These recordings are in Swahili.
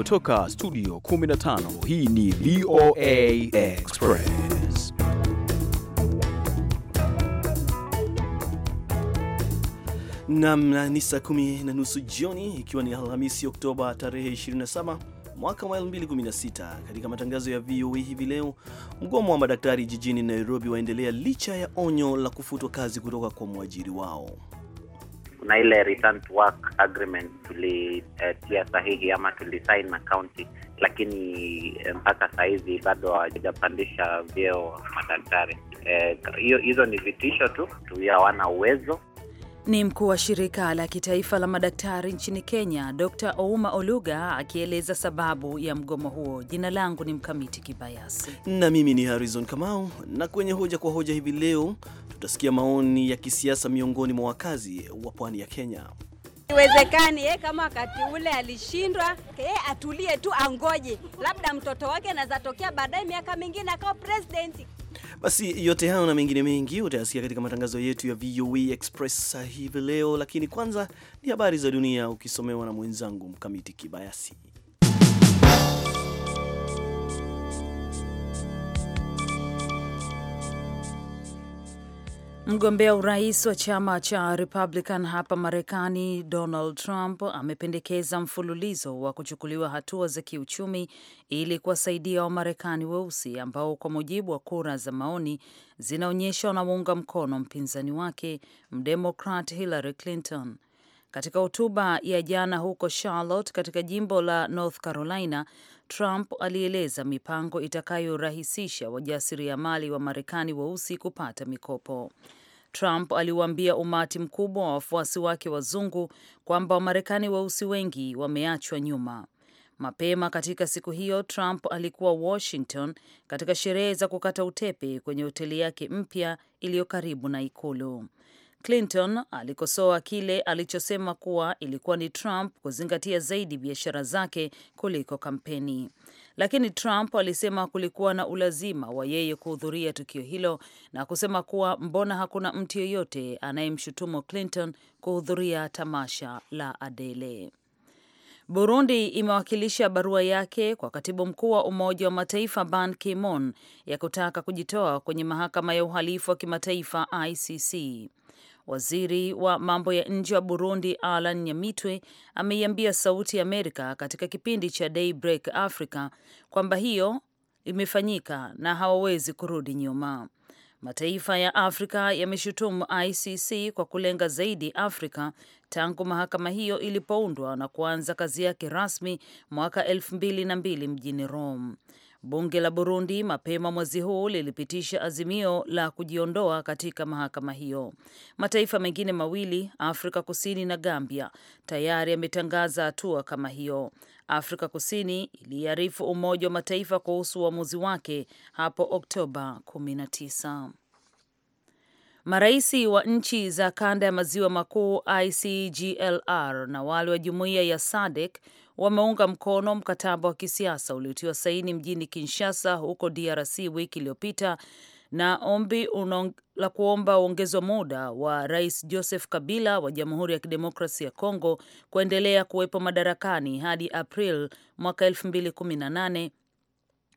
kutoka studio 15 hii ni VOA Express nam ni saa kumi na nusu jioni ikiwa ni Alhamisi Oktoba tarehe 27 mwaka wa 2016. Katika matangazo ya VOA hivi leo, mgomo wa madaktari jijini Nairobi waendelea licha ya onyo la kufutwa kazi kutoka kwa mwajiri wao kuna ile recent work agreement tulitia uh, sahihi ama tulisain na county, lakini eh, mpaka sahizi bado hawajapandisha vyeo madaktari. Eh, hizo eh, ni vitisho tu, tuya hawana uwezo ni mkuu wa shirika la kitaifa la madaktari nchini Kenya, Dr Ouma Oluga akieleza sababu ya mgomo huo. Jina langu ni Mkamiti Kibayasi na mimi ni Harrison Kamau, na kwenye hoja kwa hoja hivi leo tutasikia maoni ya kisiasa miongoni mwa wakazi wa pwani ya Kenya. Iwezekani yeye eh, kama wakati ule alishindwa, yeye eh, atulie tu, angoje labda mtoto wake anaweza tokea baadaye miaka mingine akawa presidenti. Basi yote hayo na mengine mengi utayasikia katika matangazo yetu ya VOA Express hivi leo, lakini kwanza ni habari za dunia ukisomewa na mwenzangu Mkamiti Kibayasi. Mgombea urais wa chama cha Republican hapa Marekani, Donald Trump amependekeza mfululizo wa kuchukuliwa hatua za kiuchumi ili kuwasaidia Wamarekani weusi ambao kwa mujibu wa kura za maoni zinaonyesha wanamuunga mkono mpinzani wake Mdemokrat Hillary Clinton. Katika hotuba ya jana huko Charlotte katika jimbo la North Carolina, Trump alieleza mipango itakayorahisisha wajasiriamali wa Marekani weusi kupata mikopo. Trump aliwaambia umati mkubwa wa wafuasi wake wazungu kwamba Wamarekani weusi wengi wameachwa nyuma. Mapema katika siku hiyo, Trump alikuwa Washington katika sherehe za kukata utepe kwenye hoteli yake mpya iliyo karibu na Ikulu. Clinton alikosoa kile alichosema kuwa ilikuwa ni Trump kuzingatia zaidi biashara zake kuliko kampeni lakini Trump alisema kulikuwa na ulazima wa yeye kuhudhuria tukio hilo na kusema kuwa mbona hakuna mtu yeyote anayemshutumu Clinton kuhudhuria tamasha la Adele. Burundi imewakilisha barua yake kwa katibu mkuu wa Umoja wa Mataifa Ban Ki-moon ya kutaka kujitoa kwenye mahakama ya uhalifu wa kimataifa ICC. Waziri wa mambo ya nje wa Burundi Alan Nyamitwe ameiambia Sauti ya Amerika katika kipindi cha Daybreak Africa kwamba hiyo imefanyika na hawawezi kurudi nyuma. Mataifa ya Afrika yameshutumu ICC kwa kulenga zaidi Afrika tangu mahakama hiyo ilipoundwa na kuanza kazi yake rasmi mwaka elfu mbili na mbili mjini Rome. Bunge la Burundi mapema mwezi huu lilipitisha azimio la kujiondoa katika mahakama hiyo. Mataifa mengine mawili, Afrika Kusini na Gambia, tayari yametangaza hatua kama hiyo. Afrika Kusini iliarifu Umoja wa Mataifa kuhusu uamuzi wake hapo Oktoba 19. Maraisi wa nchi za kanda ya maziwa makuu ICGLR na wale wa jumuiya ya SADC wameunga mkono mkataba wa kisiasa uliotiwa saini mjini Kinshasa huko DRC wiki iliyopita na ombi unong, la kuomba uongezwa muda wa Rais Joseph Kabila wa Jamhuri ya Kidemokrasia ya Kongo kuendelea kuwepo madarakani hadi April mwaka 2018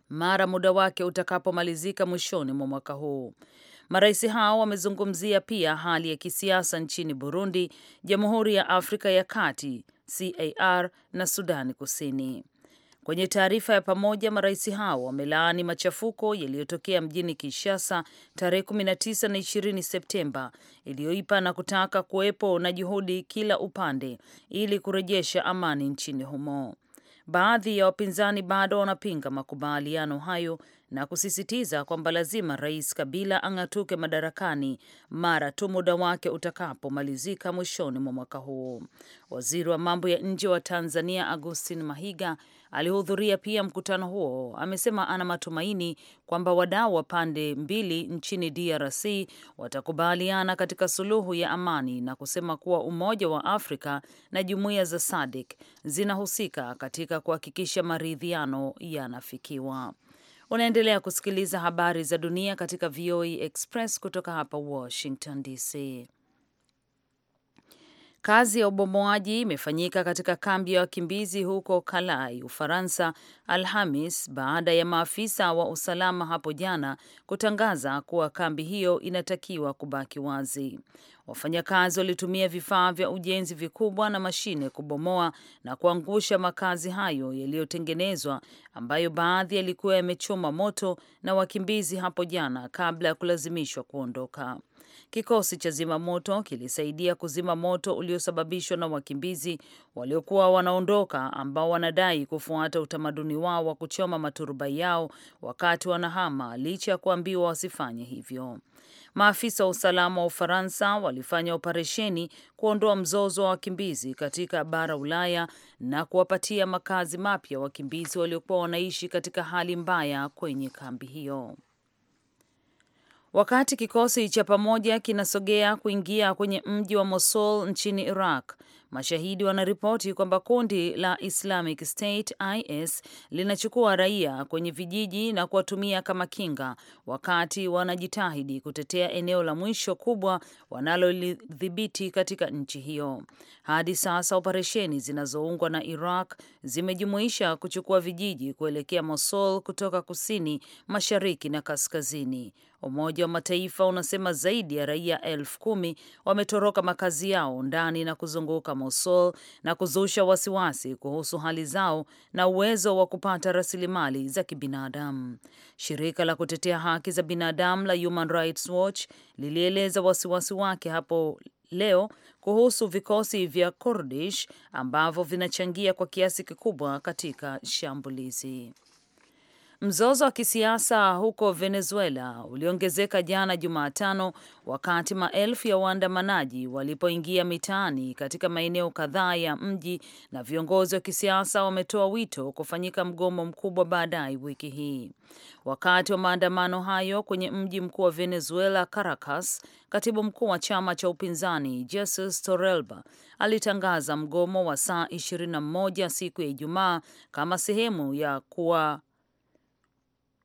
mara muda wake utakapomalizika mwishoni mwa mwaka huu. Marais hao wamezungumzia pia hali ya kisiasa nchini Burundi, Jamhuri ya Afrika ya Kati, CAR na Sudani Kusini. Kwenye taarifa ya pamoja, marais hao wamelaani machafuko yaliyotokea mjini Kinshasa tarehe 19 na 20 Septemba iliyoipa na kutaka kuwepo na juhudi kila upande ili kurejesha amani nchini humo. Baadhi ya wapinzani bado wanapinga makubaliano hayo na kusisitiza kwamba lazima Rais Kabila ang'atuke madarakani mara tu muda wake utakapomalizika mwishoni mwa mwaka huu. Waziri wa mambo ya nje wa Tanzania Augustin Mahiga alihudhuria pia mkutano huo. Amesema ana matumaini kwamba wadau wa pande mbili nchini DRC watakubaliana katika suluhu ya amani na kusema kuwa Umoja wa Afrika na jumuiya za SADC zinahusika katika kuhakikisha maridhiano yanafikiwa. Unaendelea kusikiliza habari za dunia katika VOA e Express kutoka hapa Washington DC. Kazi ya ubomoaji imefanyika katika kambi ya wakimbizi huko kalai Ufaransa, Alhamis baada ya maafisa wa usalama hapo jana kutangaza kuwa kambi hiyo inatakiwa kubaki wazi. Wafanyakazi walitumia vifaa vya ujenzi vikubwa na mashine kubomoa na kuangusha makazi hayo yaliyotengenezwa, ambayo baadhi yalikuwa yamechoma moto na wakimbizi hapo jana kabla ya kulazimishwa kuondoka. Kikosi cha zimamoto kilisaidia kuzima moto uliosababishwa na wakimbizi waliokuwa wanaondoka, ambao wanadai kufuata utamaduni wao wa kuchoma maturubai yao wakati wanahama, licha ya kuambiwa wasifanye hivyo. Maafisa wa usalama wa Ufaransa walifanya operesheni kuondoa mzozo wa wakimbizi katika bara Ulaya na kuwapatia makazi mapya wakimbizi waliokuwa wanaishi katika hali mbaya kwenye kambi hiyo wakati kikosi cha pamoja kinasogea kuingia kwenye mji wa Mosul nchini Iraq. Mashahidi wanaripoti kwamba kundi la Islamic State IS linachukua raia kwenye vijiji na kuwatumia kama kinga, wakati wanajitahidi kutetea eneo la mwisho kubwa wanalolidhibiti katika nchi hiyo. Hadi sasa operesheni zinazoungwa na Iraq zimejumuisha kuchukua vijiji kuelekea Mosul kutoka kusini, mashariki na kaskazini. Umoja wa Mataifa unasema zaidi ya raia elfu kumi wametoroka makazi yao ndani na kuzunguka Mosul na kuzusha wasiwasi kuhusu hali zao na uwezo wa kupata rasilimali za kibinadamu. Shirika la kutetea haki za binadamu la Human Rights Watch lilieleza wasiwasi wake hapo leo kuhusu vikosi vya Kurdish ambavyo vinachangia kwa kiasi kikubwa katika shambulizi. Mzozo wa kisiasa huko Venezuela uliongezeka jana Jumatano wakati maelfu ya waandamanaji walipoingia mitaani katika maeneo kadhaa ya mji na viongozi wa kisiasa wametoa wito kufanyika mgomo mkubwa baadaye wiki hii. Wakati wa maandamano hayo kwenye mji mkuu wa Venezuela, Caracas, katibu mkuu wa chama cha upinzani Jesus Torelba alitangaza mgomo wa saa 21 siku ya Ijumaa kama sehemu ya kuwa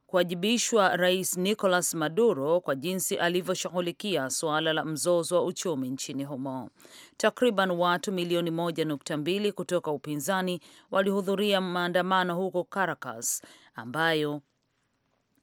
kuwajibishwa Rais Nicolas Maduro kwa jinsi alivyoshughulikia suala la mzozo wa uchumi nchini humo. Takriban watu milioni moja nukta mbili kutoka upinzani walihudhuria maandamano huko Caracas ambayo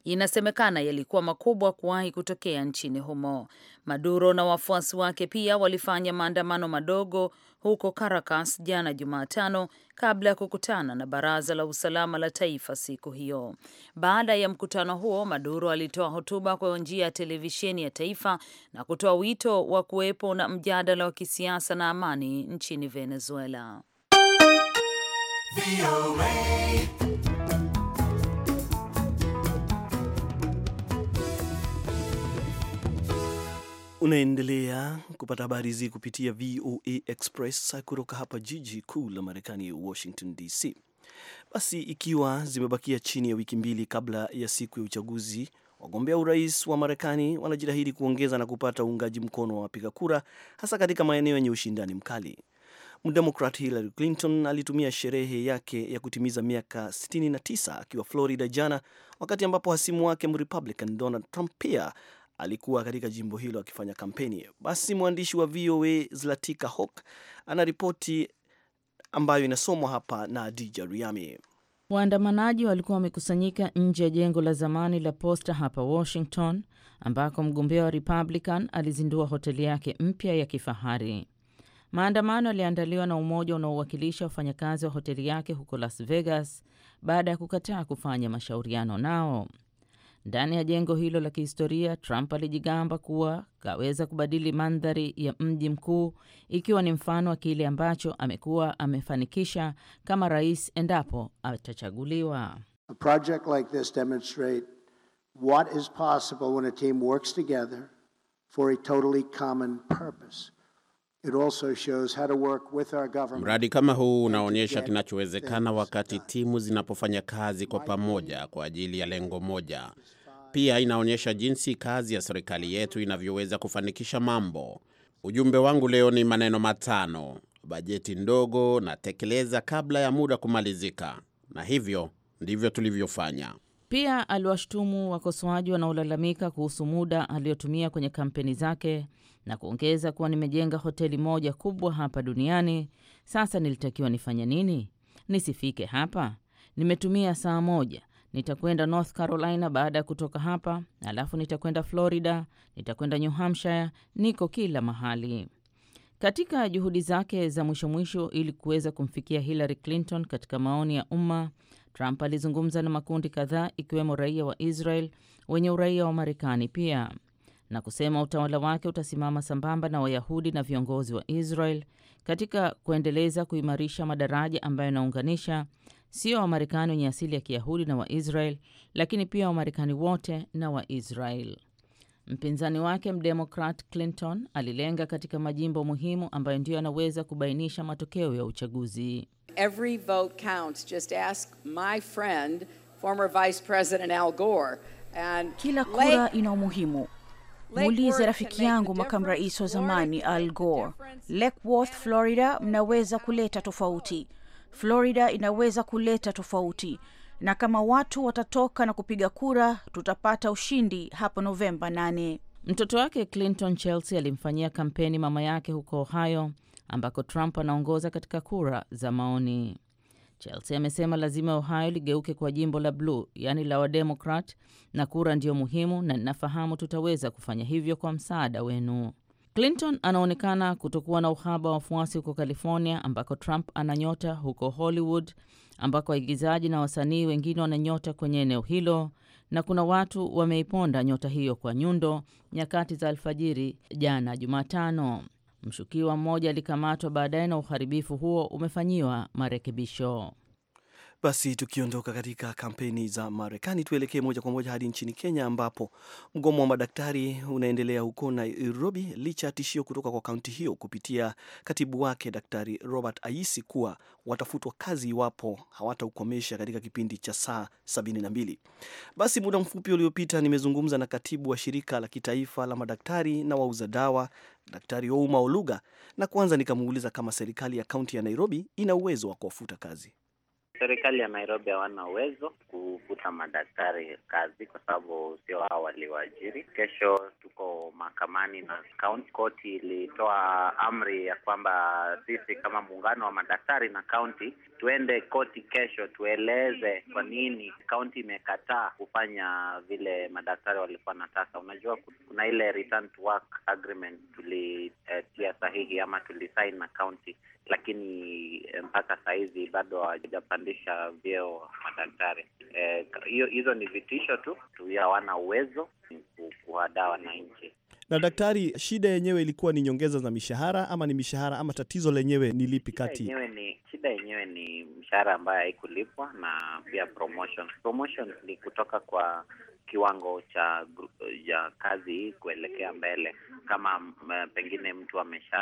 inasemekana yalikuwa makubwa kuwahi kutokea nchini humo. Maduro na wafuasi wake pia walifanya maandamano madogo huko Caracas jana Jumatano kabla ya kukutana na Baraza la Usalama la Taifa siku hiyo. Baada ya mkutano huo, Maduro alitoa hotuba kwa njia ya televisheni ya taifa na kutoa wito wa kuwepo na mjadala wa kisiasa na amani nchini Venezuela. Unaendelea kupata habari hizi kupitia VOA Express kutoka hapa jiji kuu la Marekani, Washington DC. Basi ikiwa zimebakia chini ya wiki mbili kabla ya siku ya uchaguzi, wagombea urais wa Marekani wanajitahidi kuongeza na kupata uungaji mkono wa wapiga kura, hasa katika maeneo yenye ushindani mkali. Mdemokrat Hillary Clinton alitumia sherehe yake ya kutimiza miaka 69 akiwa Florida jana, wakati ambapo hasimu wake Mrepublican Donald Trump pia alikuwa katika jimbo hilo akifanya kampeni. Basi mwandishi wa VOA Zlatika Hawk ana ripoti ambayo inasomwa hapa na Adija Riami. Waandamanaji walikuwa wamekusanyika nje ya jengo la zamani la posta hapa Washington, ambako mgombea wa Republican alizindua hoteli yake mpya ya kifahari. Maandamano yaliandaliwa na umoja unaowakilisha wafanyakazi wa hoteli yake huko Las Vegas baada ya kukataa kufanya mashauriano nao. Ndani ya jengo hilo la kihistoria, Trump alijigamba kuwa kaweza kubadili mandhari ya mji mkuu, ikiwa ni mfano wa kile ambacho amekuwa amefanikisha kama rais endapo atachaguliwa. Mradi kama huu unaonyesha kinachowezekana wakati timu zinapofanya kazi kwa pamoja kwa ajili ya lengo moja pia inaonyesha jinsi kazi ya serikali yetu inavyoweza kufanikisha mambo. Ujumbe wangu leo ni maneno matano: bajeti ndogo na tekeleza kabla ya muda kumalizika, na hivyo ndivyo tulivyofanya. Pia aliwashutumu wakosoaji wanaolalamika kuhusu muda aliyotumia kwenye kampeni zake na kuongeza kuwa, nimejenga hoteli moja kubwa hapa duniani, sasa nilitakiwa nifanye nini? Nisifike hapa? Nimetumia saa moja nitakwenda North Carolina baada ya kutoka hapa, alafu nitakwenda Florida, nitakwenda New Hampshire, niko kila mahali. Katika juhudi zake za mwisho mwisho ili kuweza kumfikia Hillary Clinton katika maoni ya umma, Trump alizungumza na makundi kadhaa ikiwemo raia wa Israel wenye uraia wa Marekani pia na kusema utawala wake utasimama sambamba na Wayahudi na viongozi wa Israel katika kuendeleza kuimarisha madaraja ambayo yanaunganisha sio Wamarekani wenye asili ya Kiyahudi na Waisrael, lakini pia Wamarekani wote na Waisrael. Mpinzani wake mdemokrat Clinton alilenga katika majimbo muhimu ambayo ndiyo yanaweza kubainisha matokeo ya uchaguzi. Every vote counts. Just ask my friend, former Vice President Al Gore. And kila kura ina umuhimu. Muulize rafiki yangu makamu rais wa zamani Al Gore. Lake Worth, Florida, mnaweza kuleta tofauti. Florida inaweza kuleta tofauti, na kama watu watatoka na kupiga kura, tutapata ushindi hapo Novemba 8. Mtoto wake Clinton Chelsea alimfanyia kampeni mama yake huko Ohio, ambako Trump anaongoza katika kura za maoni. Chelsea amesema lazima Ohio ligeuke kwa jimbo la bluu, yaani la Wademokrat, na kura ndiyo muhimu, na ninafahamu tutaweza kufanya hivyo kwa msaada wenu. Clinton anaonekana kutokuwa na uhaba wa wafuasi huko California, ambako Trump ana nyota, huko Hollywood, ambako waigizaji na wasanii wengine wana nyota kwenye eneo hilo, na kuna watu wameiponda nyota hiyo kwa nyundo nyakati za alfajiri jana Jumatano. Mshukiwa mmoja alikamatwa baadaye na uharibifu huo umefanyiwa marekebisho. Basi tukiondoka katika kampeni za Marekani, tuelekee moja kwa moja hadi nchini Kenya, ambapo mgomo wa madaktari unaendelea huko Nairobi, licha ya tishio kutoka kwa kaunti hiyo kupitia katibu wake Daktari Robert Ayisi kuwa watafutwa kazi iwapo hawataukomesha katika kipindi cha saa mbili. Basi muda mfupi uliopita nimezungumza na katibu wa shirika la kitaifa la madaktari na wauza dawa Daktari Ouma Oluga, na kwanza nikamuuliza kama serikali ya kaunti ya Nairobi ina uwezo wa kuwafuta kazi. Serikali ya Nairobi hawana uwezo kufuta madaktari kazi kwa sababu sio hao waliwaajiri. Kesho tuko mahakamani na county court ilitoa amri ya kwamba sisi kama muungano wa madaktari na county tuende koti kesho, tueleze kwa nini county imekataa kufanya vile madaktari walikuwa nataka. Unajua, kuna ile return to work agreement tulitia eh, sahihi ama tulisain na county lakini eh, mpaka sahizi bado hawajapandisha vyeo madaktari. Eh, hizo e, ni vitisho tu tu, hawana uwezo kuwadaa wananchi. Na daktari, shida yenyewe ilikuwa ni nyongeza za mishahara ama ni mishahara ama tatizo lenyewe ni lipi? Kati yenyewe ni shida yenyewe ni mshahara ambayo haikulipwa na pia promotion. Promotion ni kutoka kwa kiwango cha ya kazi kuelekea mbele. Kama eh, pengine mtu amesha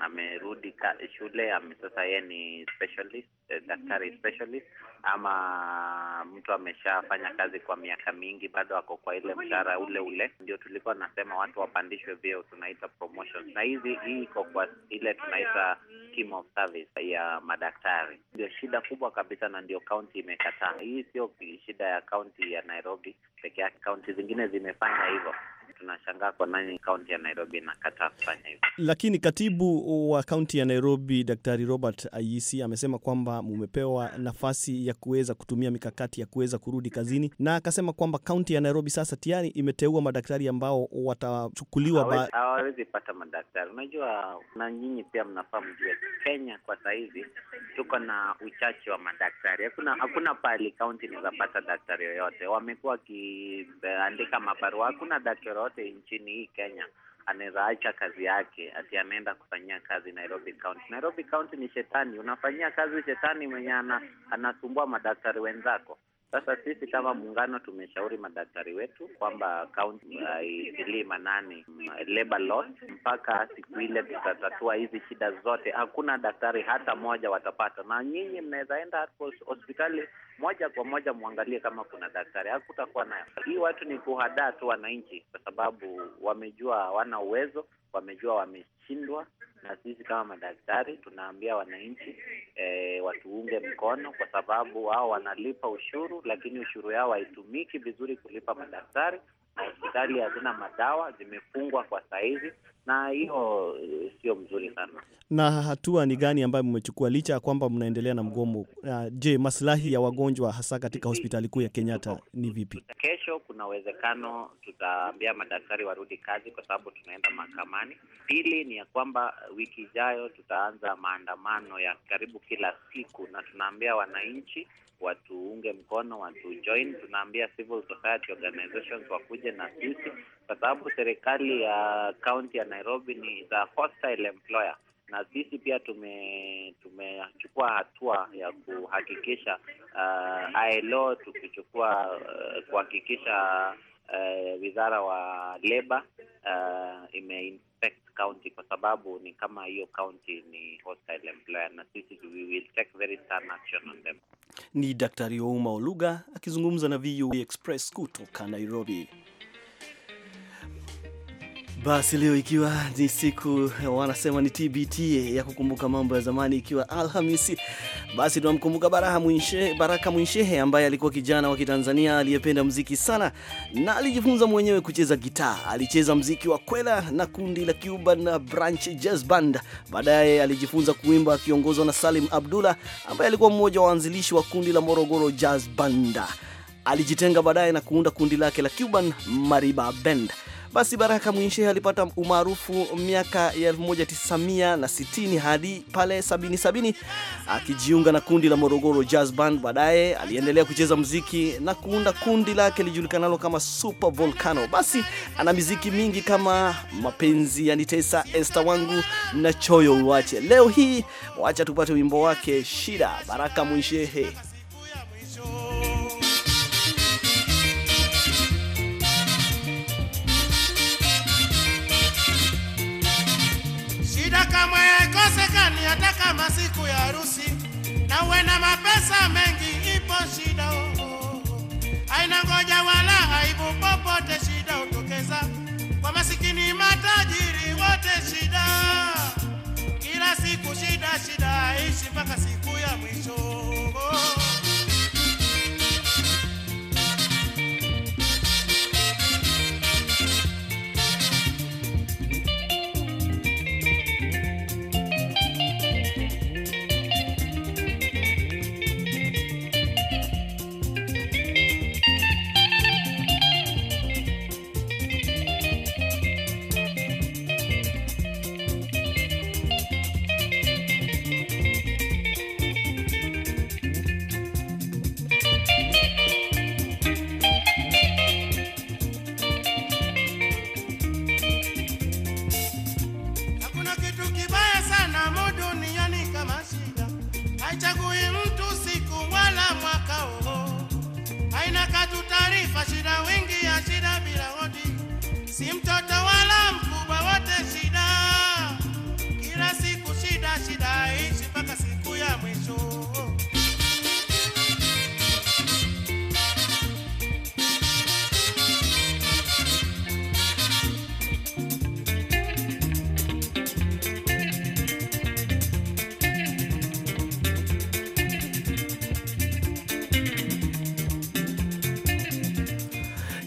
amerudi shule ame, sasa yeye ni specialist eh, daktari specialist, ama mtu ameshafanya kazi kwa miaka mingi bado ako kwa ile mshahara ule ule. Ndio tulikuwa nasema watu wapandishwe vyeo, tunaita promotion. na hizi hii iko kwa ile tunaita scheme of service ya madaktari. Ndio shida kubwa kabisa, na ndio kaunti imekataa. Hii sio shida ya kaunti ya Nairobi peke yake, kaunti zingine zimefanya hivyo tunashangaa kwa nani kaunti ya Nairobi inakataa kufanya hivyo. Lakini katibu wa kaunti ya Nairobi Daktari Robert Ayisi amesema kwamba mumepewa nafasi ya kuweza kutumia mikakati ya kuweza kurudi kazini, na akasema kwamba kaunti ya Nairobi sasa tayari imeteua madaktari ambao watachukuliwa. Hawawezi pata madaktari. Unajua, na nyinyi pia mnafaa mjue, Kenya kwa sahizi tuko na uchache wa madaktari. Hakuna hakuna pahali kaunti inaweza pata daktari yoyote. Wamekuwa wakiandika mabarua, hakuna daktari yoyote nchini hii Kenya anaweza acha kazi yake ati anaenda kufanyia kazi Nairobi County. Nairobi County ni shetani, unafanyia kazi shetani mwenye anasumbua madaktari wenzako. Sasa sisi kama muungano tumeshauri madaktari wetu kwamba kaunti uh, itilii manani mm, labor laws mpaka siku ile tutatatua hizi shida zote. Hakuna daktari hata moja watapata, na nyinyi mnaweza enda hospitali moja kwa moja mwangalie kama kuna daktari, hakutakuwa nayo. Hii watu ni kuhadaa tu wananchi, kwa sababu wamejua hawana uwezo, wamejua wame wameshindwa, na sisi kama madaktari tunaambia wananchi e, watuunge mkono, kwa sababu wao wanalipa ushuru, lakini ushuru yao haitumiki vizuri kulipa madaktari, na hospitali hazina madawa, zimefungwa kwa sahizi na hiyo eh, sio mzuri sana. Na hatua ni gani ambayo mmechukua licha ya kwamba mnaendelea na mgomo? Je, maslahi ya wagonjwa hasa katika hospitali kuu ya Kenyatta ni vipi? Kesho kuna uwezekano tutaambia madaktari warudi kazi, kwa sababu tunaenda mahakamani. Pili ni ya kwamba eh, wiki ijayo tutaanza maandamano ya karibu kila siku, na tunaambia wananchi watuunge mkono, watu join. Tunaambia civil society organizations wakuje na sisi kwa sababu serikali ya kaunti ya Nairobi ni the hostile employer, na sisi pia tume tumechukua hatua ya kuhakikisha uh, ILO tukichukua uh, kuhakikisha uh, wizara wa leba uh, imeinspect kwa sababu ni kama hiyo kaunti ni hostile employer, na sisi we will take very stern action on them. Ni Daktari Ouma Oluga akizungumza na VOA e Express kutoka Nairobi. Basi leo ikiwa ni siku wanasema ni TBT ya kukumbuka mambo ya zamani, ikiwa Alhamisi, basi tunamkumbuka Baraka Mwinshehe, Baraka Mwinshehe ambaye alikuwa kijana wa Kitanzania aliyependa mziki sana na alijifunza mwenyewe kucheza gitaa. Alicheza mziki wa kwela na kundi la na Branch Jazz Band. Baadaye alijifunza kuimba akiongozwa na Salim Abdullah ambaye alikuwa mmoja wa waanzilishi wa kundi la Morogoro Jazz Band. Alijitenga baadaye na kuunda kundi lake la Cuban Mariba Band. Basi Baraka Mwinshehe alipata umaarufu miaka ya 1960 hadi pale 70 akijiunga na kundi la Morogoro Jazz Band. Baadaye aliendelea kucheza muziki na kuunda kundi lake lijulikanalo kama Super Volcano. Basi ana miziki mingi kama Mapenzi Yanitesa, Esther Wangu na Choyo Uwache. Leo hii wacha tupate wimbo wake Shida, Baraka Mwinshehe. siku ya harusi na uwe na mapesa mengi, ipo shida oh, oh, oh. aina ngoja wala aibu popote, shida utokeza kwa masikini matajiri wote, shida kila siku, shida shida, ishi mpaka siku ya mwisho.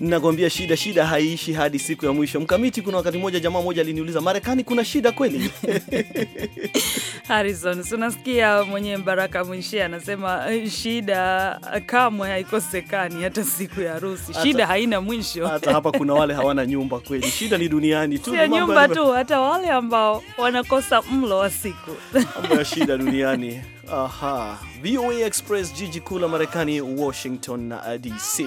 nakwambia shida shida haiishi hadi siku ya mwisho. Mkamiti, kuna wakati mmoja jamaa mmoja aliniuliza, Marekani kuna shida kweli? Harrison, unasikia mwenyewe Baraka Mwinshe anasema eh, shida kamwe haikosekani hata siku ya harusi. Shida haina mwisho. Hata hapa kuna wale hawana nyumba kweli. Shida ni duniani tu. Sio nyumba tu, hata wale ambao wanakosa mlo wa siku. Mambo ya shida duniani. Aha. VOA Express, jiji kuu la Marekani, Washington DC.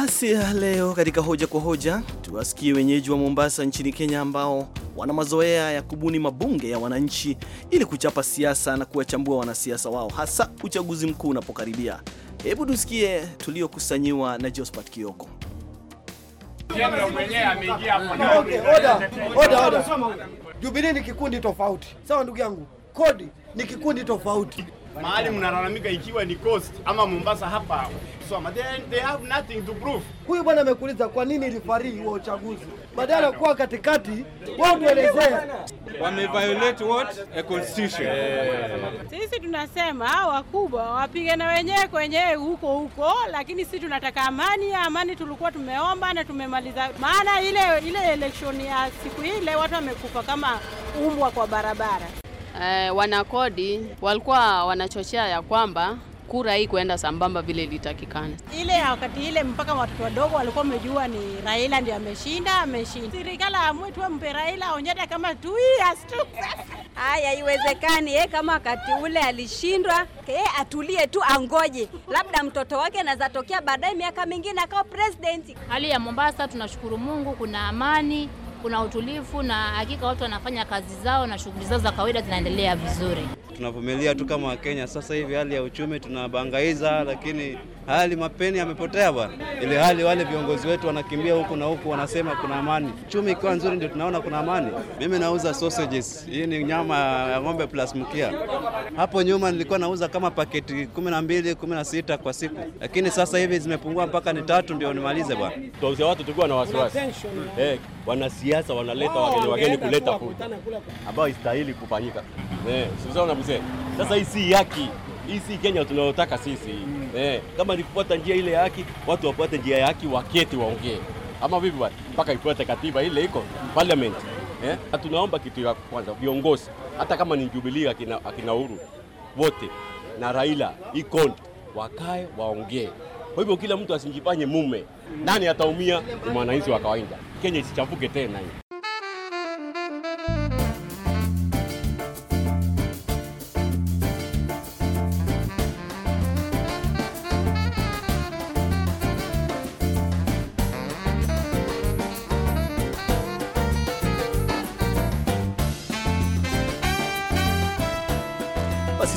Basi leo katika hoja kwa hoja tuwasikie wenyeji wa Mombasa nchini Kenya ambao wana mazoea ya kubuni mabunge ya wananchi ili kuchapa siasa na kuwachambua wanasiasa wao hasa uchaguzi mkuu unapokaribia. Hebu tusikie tuliokusanyiwa na Josephat Kioko. Jubilee ni kikundi tofauti, sawa ndugu yangu. Kodi ni kikundi tofauti mahali mnalalamika ikiwa ni Coast ama Mombasa hapa Soma, they, they have nothing to prove. Huyu bwana amekuuliza kwa nini rifari wa uchaguzi badala ya kuwa katikati, wao tuelezee wame violate what a constitution. Sisi tunasema wakubwa wapige na wenyewe kwenyewe huko huko, lakini sisi tunataka amani. Amani tulikuwa tumeomba na tumemaliza, maana ile ile election ya siku ile watu wamekufa kama umbwa kwa barabara eh, wanakodi walikuwa wanachochea ya kwamba kura hii kuenda sambamba vile ilitakikana. Ile wakati ile mpaka watoto wadogo walikuwa wamejua ni Raila ndiye ameshinda, ameshinda. Serikali amwe tu mpe Raila onyesha kama tu Haya, iwezekani yeye kama wakati ule alishindwa, yeye atulie tu angoje, labda mtoto wake anaweza tokea baadaye miaka mingine akawa president. Hali ya Mombasa tunashukuru Mungu, kuna amani kuna utulivu na hakika watu wanafanya kazi zao na shughuli zao za kawaida zinaendelea vizuri. Tunavumilia tu kama Wakenya. Sasa hivi hali ya uchumi tunabangaiza, lakini hali mapeni yamepotea bwana, ile hali wale viongozi wetu wanakimbia huku na huku, wanasema kuna amani. Chumi ikiwa nzuri ndio tunaona kuna amani. Mimi nauza sausages, hii ni nyama ya ng'ombe plus mkia. Hapo nyuma nilikuwa nauza kama paketi kumi na mbili kumi na sita kwa siku, lakini sasa hivi zimepungua mpaka ni tatu ndio nimalize bwana. Tuwauzia watu tukiwa na wasiwasi eh, wanasiasa wanaleta oh, wageni wageni kuleta kuja ambayo istahili kufanyika eh, sasa hii si yaki, hii si Kenya tunayotaka sisi eh, kama ni kufuata njia ile ya haki, watu wafuate njia ya haki, waketi waongee, ama vipi bwana, mpaka ifuate katiba ile iko parliament. Eh, tunaomba kitu ya kwanza viongozi, hata kama ni Jubilee akina, akina Uhuru wote na Raila ikon wakae waongee. Kwa hivyo kila mtu asijifanye mume, nani ataumia? Mwananchi wa kawaida. Kenya isichafuke tena hii.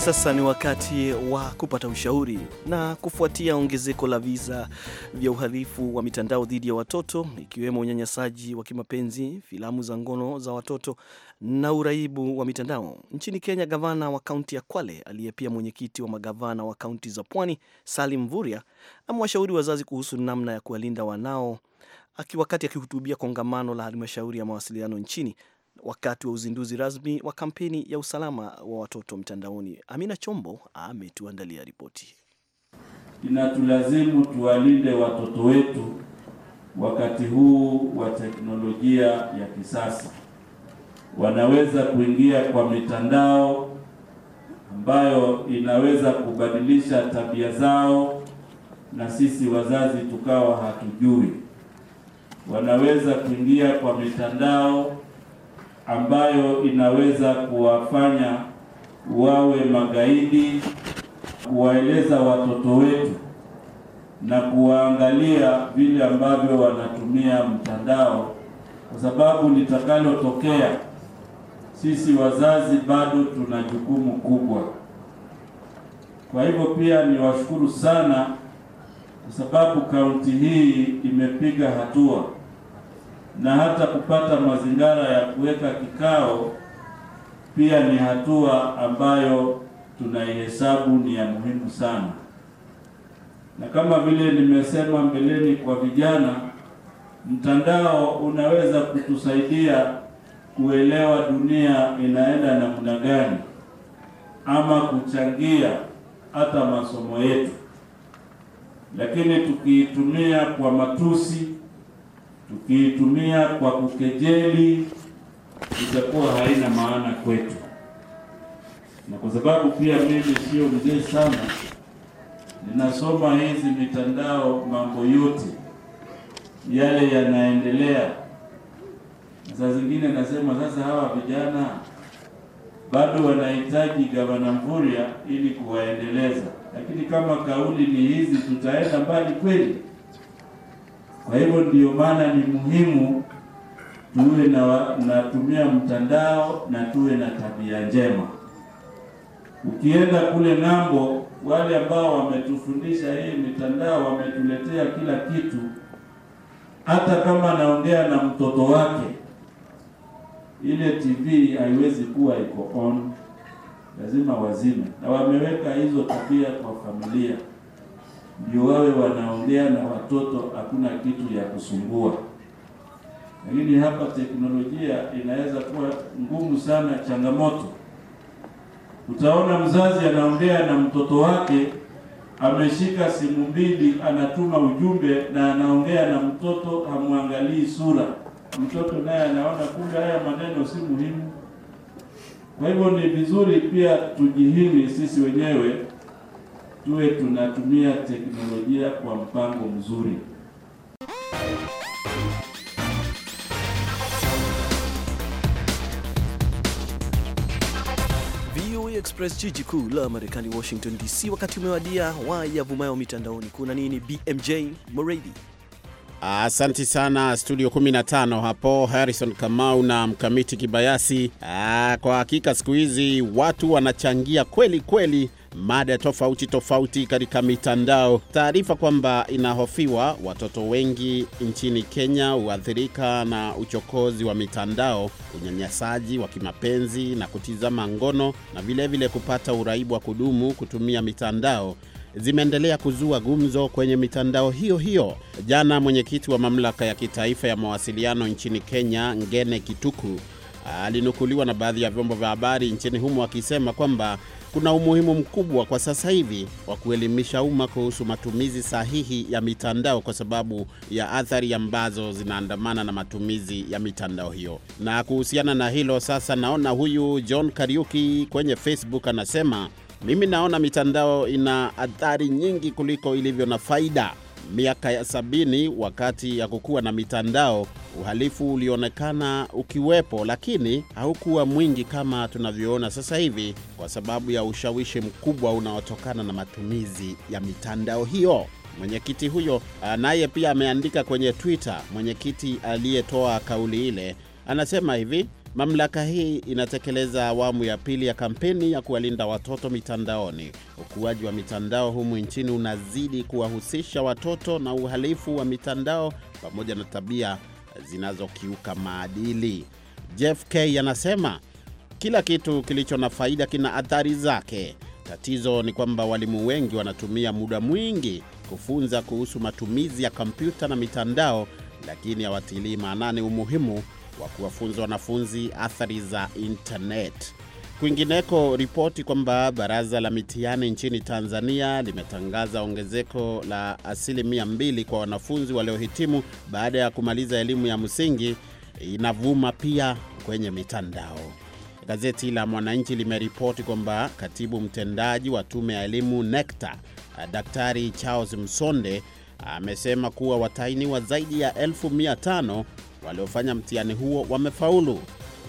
Sasa ni wakati wa kupata ushauri. Na kufuatia ongezeko la visa vya uhalifu wa mitandao dhidi ya watoto, ikiwemo unyanyasaji wa kimapenzi, filamu za ngono za watoto na uraibu wa mitandao nchini Kenya, gavana wa kaunti ya Kwale aliye pia mwenyekiti wa magavana wa kaunti za Pwani, Salim Vuria, amewashauri wazazi kuhusu namna ya kuwalinda wanao, akiwakati akihutubia kongamano la halmashauri ya mawasiliano nchini wakati wa uzinduzi rasmi wa kampeni ya usalama wa watoto mtandaoni. Amina Chombo ametuandalia ripoti. Inatulazimu tuwalinde watoto wetu wakati huu wa teknolojia ya kisasa. Wanaweza kuingia kwa mitandao ambayo inaweza kubadilisha tabia zao na sisi wazazi tukawa hatujui. Wanaweza kuingia kwa mitandao ambayo inaweza kuwafanya wawe magaidi, kuwaeleza watoto wetu na kuwaangalia vile ambavyo wanatumia mtandao, kwa sababu litakalotokea, sisi wazazi bado tuna jukumu kubwa. Kwa hivyo pia niwashukuru sana, kwa sababu kaunti hii imepiga hatua na hata kupata mazingira ya kuweka kikao pia ni hatua ambayo tunaihesabu ni ya muhimu sana, na kama vile nimesema mbeleni kwa vijana, mtandao unaweza kutusaidia kuelewa dunia inaenda namna gani, ama kuchangia hata masomo yetu, lakini tukiitumia kwa matusi tukiitumia kwa kukejeli itakuwa haina maana kwetu. Na kwa sababu pia mimi sio mzee sana, ninasoma hizi mitandao, mambo yote yale yanaendelea, saa zingine nasema sasa, hawa vijana bado wanahitaji gavana Mvurya ili kuwaendeleza, lakini kama kauli ni hizi, tutaenda mbali kweli? Kwa hivyo ndiyo maana ni muhimu tuwe na natumia mtandao na tuwe na tabia njema. Ukienda kule ng'ambo, wale ambao wametufundisha hii mitandao wametuletea kila kitu. Hata kama anaongea na mtoto wake, ile TV haiwezi kuwa iko on, lazima wazime, na wameweka hizo tabia kwa familia ndio wawe wanaongea na watoto, hakuna kitu ya kusumbua. Lakini hapa teknolojia inaweza kuwa ngumu sana, changamoto. Utaona mzazi anaongea na mtoto wake ameshika simu mbili, anatuma ujumbe na anaongea na mtoto, hamwangalii sura. Mtoto naye anaona kumbe haya maneno si muhimu. Kwa hivyo ni vizuri pia tujihimi sisi wenyewe tuwe tunatumia teknolojia kwa mpango mzuri. Express, jiji kuu la Marekani, Washington DC. Wakati umewadia wa yavumayo mitandaoni. Kuna nini? BMJ Moredi. Asanti sana studio 15 hapo Harrison Kamau na mkamiti Kibayasi. Aa, ah, kwa hakika siku hizi watu wanachangia kweli kweli mada tofauti tofauti katika mitandao. Taarifa kwamba inahofiwa watoto wengi nchini Kenya huathirika na uchokozi wa mitandao, unyanyasaji wa kimapenzi na kutizama ngono na vilevile vile kupata uraibu wa kudumu kutumia mitandao zimeendelea kuzua gumzo kwenye mitandao hiyo hiyo. Jana mwenyekiti wa mamlaka ya kitaifa ya mawasiliano nchini Kenya, Ngene Kituku, alinukuliwa na baadhi ya vyombo vya habari nchini humo akisema kwamba kuna umuhimu mkubwa kwa sasa hivi wa kuelimisha umma kuhusu matumizi sahihi ya mitandao kwa sababu ya athari ambazo zinaandamana na matumizi ya mitandao hiyo. Na kuhusiana na hilo sasa, naona huyu John Kariuki kwenye Facebook anasema, mimi naona mitandao ina athari nyingi kuliko ilivyo na faida miaka ya sabini, wakati ya kukuwa na mitandao, uhalifu ulionekana ukiwepo, lakini haukuwa mwingi kama tunavyoona sasa hivi, kwa sababu ya ushawishi mkubwa unaotokana na matumizi ya mitandao hiyo. Mwenyekiti huyo ah, naye pia ameandika kwenye Twitter. Mwenyekiti aliyetoa kauli ile anasema hivi: Mamlaka hii inatekeleza awamu ya pili ya kampeni ya kuwalinda watoto mitandaoni. Ukuaji wa mitandao humu nchini unazidi kuwahusisha watoto na uhalifu wa mitandao pamoja na tabia zinazokiuka maadili. Jeff K anasema kila kitu kilicho na faida kina athari zake. Tatizo ni kwamba walimu wengi wanatumia muda mwingi kufunza kuhusu matumizi ya kompyuta na mitandao, lakini hawatilii maanani umuhimu wa kuwafunza wanafunzi athari za intaneti. Kwingineko, ripoti kwamba baraza la mitihani nchini Tanzania limetangaza ongezeko la asilimia mbili kwa wanafunzi waliohitimu baada ya kumaliza elimu ya msingi inavuma pia kwenye mitandao. Gazeti la Mwananchi limeripoti kwamba katibu mtendaji wa tume ya elimu NECTA, Daktari Charles Msonde amesema kuwa watainiwa zaidi ya elfu mia tano waliofanya mtihani huo wamefaulu.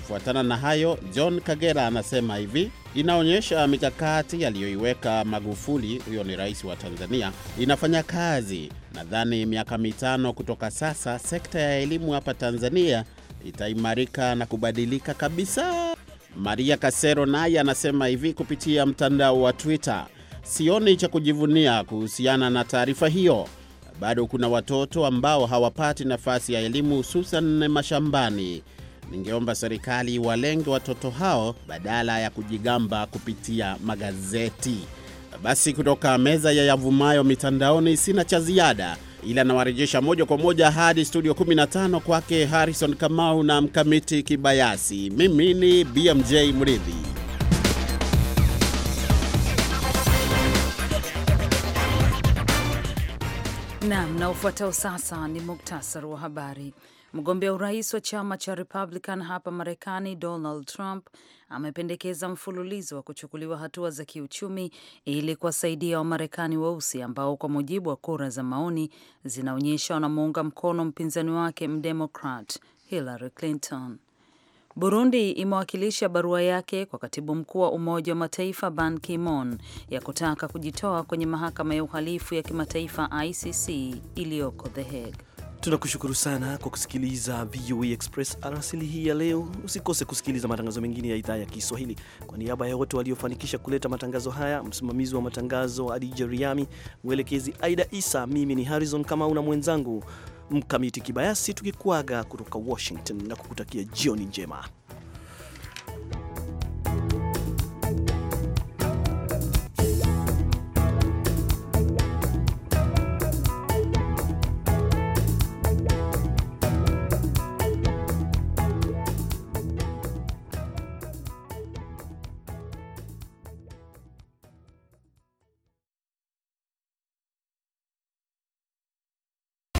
Kufuatana na hayo, John Kagera anasema hivi: inaonyesha mikakati yaliyoiweka Magufuli, huyo ni rais wa Tanzania, inafanya kazi. Nadhani miaka mitano kutoka sasa, sekta ya elimu hapa Tanzania itaimarika na kubadilika kabisa. Maria Kasero naye anasema hivi kupitia mtandao wa Twitter, sioni cha kujivunia kuhusiana na taarifa hiyo bado kuna watoto ambao hawapati nafasi ya elimu, hususan mashambani. Ningeomba serikali walenge watoto hao badala ya kujigamba kupitia magazeti. Basi kutoka meza ya yavumayo mitandaoni, sina cha ziada, ila nawarejesha moja kwa moja hadi studio 15 kwake Harrison Kamau na mkamiti Kibayasi. Mimi ni BMJ Mridhi. Na ufuatao sasa ni muktasari wa habari. Mgombea urais wa chama cha Republican hapa Marekani, Donald Trump amependekeza mfululizo wa kuchukuliwa hatua za kiuchumi ili kuwasaidia Wamarekani weusi wa ambao kwa mujibu wa kura za maoni zinaonyesha wanamuunga mkono mpinzani wake Mdemokrat Hillary Clinton. Burundi imewakilisha barua yake kwa katibu mkuu wa Umoja wa Mataifa Ban Ki-moon ya kutaka kujitoa kwenye mahakama ya uhalifu ya kimataifa ICC iliyoko The Hague. Tunakushukuru sana kwa kusikiliza VOA e Express arasili hii ya leo. Usikose kusikiliza matangazo mengine ya idhaa ya Kiswahili. Kwa niaba ya wote waliofanikisha kuleta matangazo haya, msimamizi wa matangazo Adija Riami, mwelekezi Aida Isa, mimi ni Harrison Kamau na mwenzangu Mkamiti Kibayasi tukikuaga kutoka Washington na kukutakia jioni njema.